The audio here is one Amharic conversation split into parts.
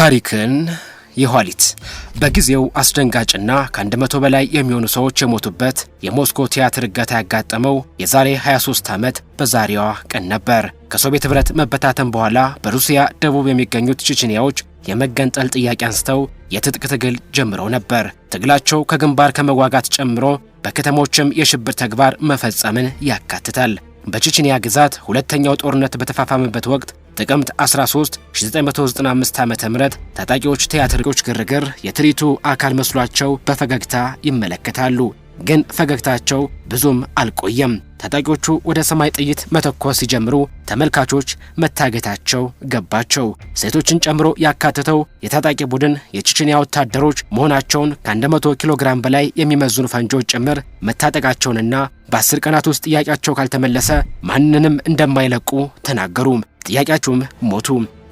ታሪክን የኋሊት በጊዜው አስደንጋጭና ከ100 በላይ የሚሆኑ ሰዎች የሞቱበት የሞስኮ ቲያትር እገታ ያጋጠመው የዛሬ 23 ዓመት በዛሬዋ ቀን ነበር። ከሶቪየት ኅብረት መበታተን በኋላ በሩሲያ ደቡብ የሚገኙት ቼቼንያዎች የመገንጠል ጥያቄ አንስተው የትጥቅ ትግል ጀምረው ነበር። ትግላቸው ከግንባር ከመዋጋት ጨምሮ በከተሞችም የሽብር ተግባር መፈጸምን ያካትታል። በቼችንያ ግዛት ሁለተኛው ጦርነት በተፋፋመበት ወቅት ጥቅምት 13 1995 ዓ.ም ታጣቂዎች ቲያትር ግርግር የትርኢቱ አካል መስሏቸው በፈገግታ ይመለከታሉ። ግን ፈገግታቸው ብዙም አልቆየም። ታጣቂዎቹ ወደ ሰማይ ጥይት መተኮስ ሲጀምሩ ተመልካቾች መታገታቸው ገባቸው። ሴቶችን ጨምሮ ያካተተው የታጣቂ ቡድን የቼችንያ ወታደሮች መሆናቸውን ከ100 ኪሎ ግራም በላይ የሚመዝኑ ፈንጂዎች ጭምር መታጠቃቸውንና በአስር ቀናት ውስጥ ጥያቄያቸው ካልተመለሰ ማንንም እንደማይለቁ ተናገሩ። ጥያቄያቸውም ሞቱ።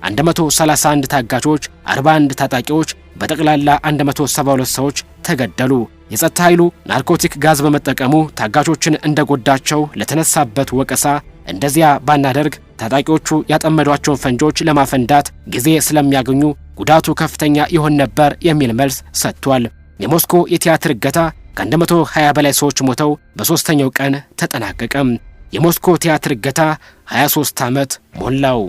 131 ታጋቾች፣ 41 ታጣቂዎች፣ በጠቅላላ 172 ሰዎች ተገደሉ። የጸጥታ ኃይሉ ናርኮቲክ ጋዝ በመጠቀሙ ታጋቾችን እንደጎዳቸው ለተነሳበት ወቀሳ እንደዚያ ባናደርግ ታጣቂዎቹ ያጠመዷቸውን ፈንጆች ለማፈንዳት ጊዜ ስለሚያገኙ ጉዳቱ ከፍተኛ ይሆን ነበር የሚል መልስ ሰጥቷል። የሞስኮ የቲያትር እገታ ከ120 በላይ ሰዎች ሞተው በሦስተኛው ቀን ተጠናቀቀም። የሞስኮ ቲያትር እገታ 23 ዓመት ሞላው።